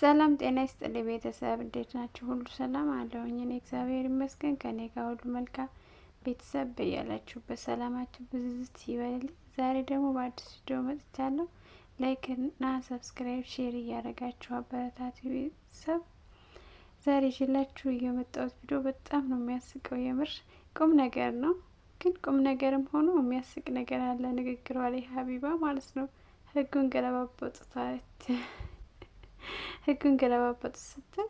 ሰላም ጤና ይስጥልኝ ቤተሰብ፣ እንዴት ናችሁ? ሁሉ ሰላም አለውኝ። እኔ እግዚአብሔር ይመስገን ከኔ ጋር ሁሉ መልካም። ቤተሰብ በያላችሁበት ሰላማችሁ ብዝዝት ይበል። ዛሬ ደግሞ በአዲስ ቪዲዮ መጥቻለሁ። ላይክ እና ሰብስክራይብ፣ ሼር እያደረጋችሁ አበረታት ቤተሰብ። ዛሬ ይዤላችሁ የመጣሁት ቪዲዮ በጣም ነው የሚያስቀው። የምር ቁም ነገር ነው፣ ግን ቁም ነገርም ሆኖ የሚያስቅ ነገር አለ። ንግግሯ ላይ ሀቢባ ማለት ነው ህጉን ገለባበጡታለች። ህጉን ገለባበጡ ስትል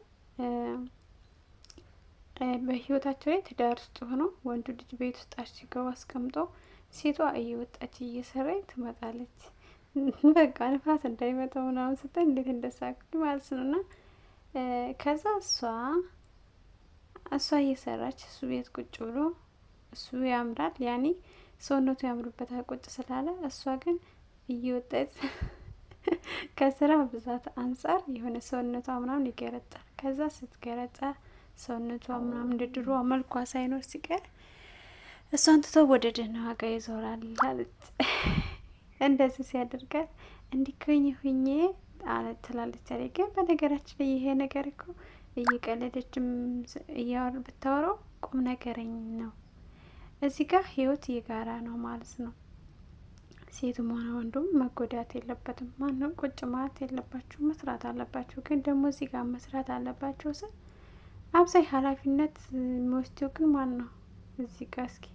በህይወታቸው ላይ ትዳር ውስጥ ሆኖ ወንዱ ልጅ ቤት ውስጥ አሽገው አስቀምጦ ሴቷ እየወጣች እየሰራች ትመጣለች። በቃ ንፋስ እንዳይመጣ ምናምን ስትል እንዴት እንደሳቅኩ ማለት ነው። እና ከዛ እሷ እሷ እየሰራች እሱ ቤት ቁጭ ብሎ እሱ ያምራል ያኔ ሰውነቱ ያምሩበታል ቁጭ ስላለ እሷ ግን እየወጣች ከስራ ብዛት አንጻር የሆነ ሰውነቷ ምናምን ይገረጣል። ከዛ ስትገረጣ ሰውነቷ ምናምን እንደ ድሮ መልኳ ሳይኖር ሲቀር እሷን ትቶ ወደ ደህና ዋጋ ይዞራል አለች። እንደዚህ ሲያደርጋት እንዲኮኝ ሁኜ ትላለች አለ። ግን በነገራችን ላይ ይሄ ነገር እኮ እየቀለደችም እያወር ብታወራው ቁም ነገረኝ ነው። እዚህ ጋር ህይወት የጋራ ነው ማለት ነው። ሴትም ሆነ ወንዱም መጎዳት የለበትም። ማንም ቁጭ ማለት የለባችሁ፣ መስራት አለባችሁ። ግን ደግሞ እዚህ ጋር መስራት አለባችሁ ስል አብዛኝ ኃላፊነት የሚወስደው ግን ማን ነው? እዚህ ጋር እስኪ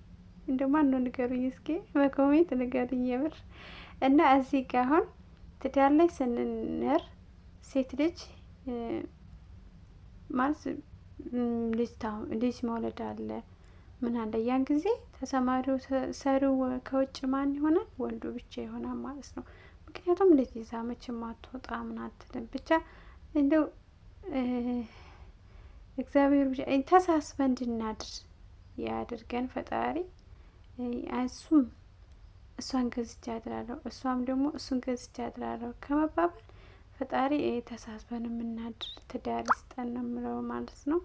እንደ ማን ነው ንገሩኝ፣ እስኪ በኮሜንት ንገሩኝ የምር እና እዚህ ጋ አሁን ትዳር ላይ ስንኖር ሴት ልጅ ማለት ልጅ መውለድ አለ ምን አለ ያን ጊዜ ተሰማሪው ሰሪው ከውጭ ማን ይሆናል? ወንዱ ብቻ ይሆናል ማለት ነው። ምክንያቱም እንደዚህ የዛመች ማትወጣ ምን አትልም። ብቻ እንደው እግዚአብሔር ብቻ ተሳስበ እንድናድር ያድርገን ፈጣሪ። እሱም እሷን ገዝቼ አድራለሁ፣ እሷም ደግሞ እሱን ገዝቼ አድራለሁ ከመባባል ፈጣሪ ተሳስበን የምናድር ትዳር ይስጠን ነው የምለው ማለት ነው።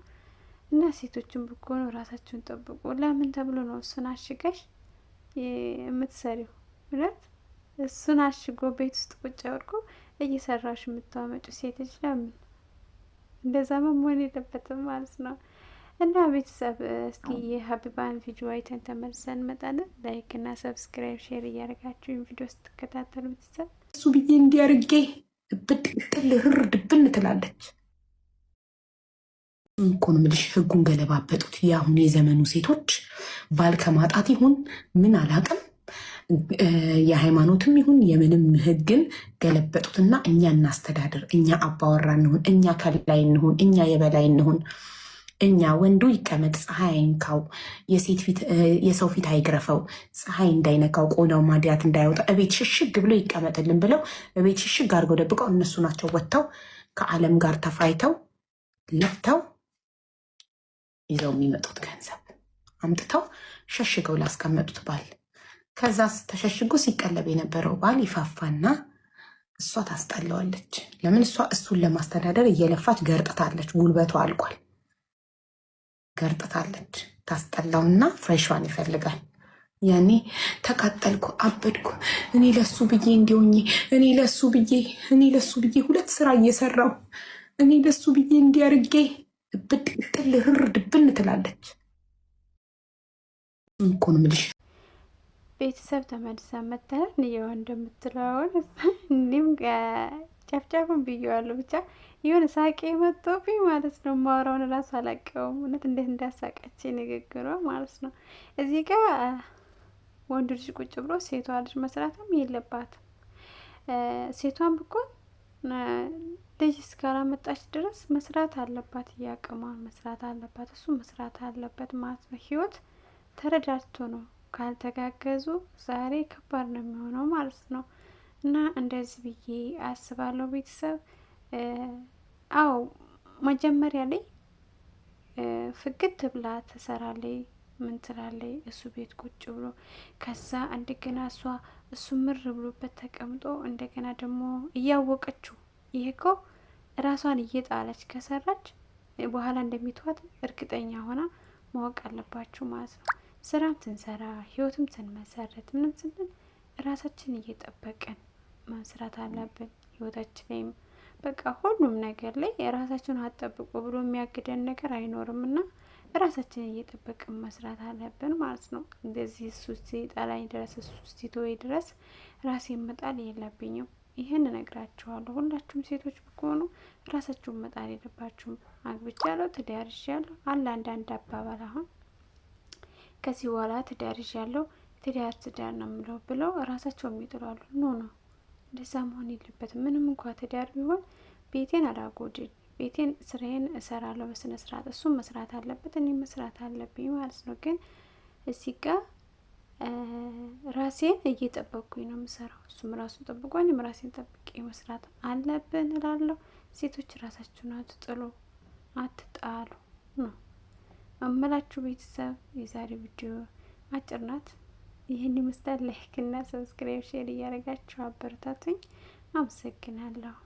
እና ሴቶችን ነው ራሳችሁን ጠብቁ። ለምን ተብሎ ነው እሱን አሽገሽ የምትሰሪው? እውነት እሱን አሽጎ ቤት ውስጥ ቁጭ አድርጎ እየሰራሽ የምታመጩ ሴቶች ለምን? እንደዛ መሆን የለበትም ማለት ነው። እና ቤተሰብ እስኪ የሀቢባን ቪዲዮ አይተን ተመልሰን እንመጣለን። ላይክ እና ሰብስክራይብ ሼር እያደረጋችሁ ይህን ቪዲዮ ስትከታተሉ ቤተሰብ እሱ ብዬ እንዲያርጌ ብጥቅጥል ህር ድብን ትላለች እኮ ነው የምልሽ። ህጉን ገለባበጡት። የአሁኑ የዘመኑ ሴቶች ባል ከማጣት ይሁን ምን አላቅም፣ የሃይማኖትም ይሁን የምንም ህግን ገለበጡትና እኛ እናስተዳድር፣ እኛ አባወራ እንሁን፣ እኛ ከላይ እንሁን፣ እኛ የበላይ እንሁን፣ እኛ ወንዱ ይቀመጥ፣ ፀሐይ አይንካው፣ የሰው ፊት አይግረፈው፣ ፀሐይ እንዳይነካው፣ ቆዳው ማዲያት እንዳይወጣ፣ እቤት ሽሽግ ብሎ ይቀመጥልን ብለው እቤት ሽሽግ አድርገው ደብቀው እነሱ ናቸው ወጥተው ከዓለም ጋር ተፋይተው ለፍተው ይዘው የሚመጡት ገንዘብ አምጥተው ሸሽገው ላስቀመጡት ባል ከዛ ተሸሽጎ ሲቀለብ የነበረው ባል ይፋፋና እሷ ታስጠለዋለች። ለምን እሷ እሱን ለማስተዳደር እየለፋች ገርጥታለች። ጉልበቷ አልቋል፣ ገርጥታለች። ታስጠላውና ፍሬሽዋን ይፈልጋል። ያኔ ተቃጠልኩ፣ አበድኩ፣ እኔ ለሱ ብዬ እንዲሆኝ፣ እኔ ለሱ ብዬ እኔ ለሱ ብዬ ሁለት ስራ እየሰራው እኔ ለሱ ብዬ እንዲያርጌ እብድ ህር ድብን ትላለች እኮ ነው የምልሽ። ቤተሰብ ተመልሳ መታለን እየው እንደምትለውን እኔም ጨፍጨፉን ብዬዋለሁ። ብቻ የሆነ ሳቄ መጥቶብኝ ማለት ነው። ማውራውን እራሱ አላቀውም። እውነት እንዴት እንዳሳቀችኝ ንግግሯ ማለት ነው። እዚህ ጋር ወንድ ልጅ ቁጭ ብሎ ሴቷ ልጅ መስራትም የለባትም። ሴቷን ብኮን ልጅ እስካላመጣች ድረስ መስራት አለባት፣ እያቅሟን መስራት አለባት፣ እሱ መስራት አለበት ማለት ነው። ህይወት ተረዳድቶ ነው። ካልተጋገዙ ዛሬ ከባድ ነው የሚሆነው ማለት ነው። እና እንደዚህ ብዬ አስባለሁ ቤተሰብ። አዎ መጀመሪያ ላይ ፍግት ብላ ትሰራለች፣ ምን ትላለች እሱ ቤት ቁጭ ብሎ ከዛ እንደገና እሷ እሱ ምር ብሎበት ተቀምጦ እንደገና ደግሞ እያወቀችው ይህ እኮ ራሷን እየጣለች ከሰራች በኋላ እንደሚተዋት እርግጠኛ ሆና ማወቅ አለባችሁ ማለት ነው። ስራም ስንሰራ ህይወትም ስንመሰረት ምንም ስንል ራሳችን እየጠበቅን መስራት አለብን። ህይወታችን ላይም በቃ ሁሉም ነገር ላይ ራሳችን አጠብቁ ብሎ የሚያግደን ነገር አይኖርም እና ራሳችን እየጠበቅን መስራት አለብን ማለት ነው። እንደዚህ እሱ ጣላኝ ድረስ እሱ ሲተወኝ ድረስ ራሴ መጣል የለብኝም። ይህን እነግራችኋለሁ። ሁላችሁም ሴቶች ብትሆኑ ራሳችሁን መጣል የለባችሁም። አግብቻለሁ፣ ትዳር ይዣለሁ አለ አንዳንድ አባባል። አሁን ከዚህ በኋላ ትዳር ያለው ትዳር ትዳር ነው የምለው ብለው ራሳቸው የሚጥሏሉ። ኖ ነው እንደዛ መሆን የለበትም። ምንም እንኳ ትዳር ቢሆን ቤቴን አላጎድል ቤቴን ስራዬን እሰራለሁ በስነ ስርዓት። እሱም መስራት አለበት፣ እኔ መስራት አለብኝ ማለት ነው። ግን እዚህ ጋር ራሴን እየጠበቅኩኝ ነው የምሰራው። እሱም ራሱን ጠብቆ እኔም ራሴን ጠብቄ መስራት አለብን እላለሁ። ሴቶች ራሳችሁን አትጥሉ፣ አትጣሉ ነው እምላችሁ። ቤተሰብ የዛሬ ቪዲዮ አጭር ናት፣ ይህን ይመስላል። ላይክና ሰብስክራይብ፣ ሼር እያደረጋችሁ አበረታቱኝ። አመሰግናለሁ።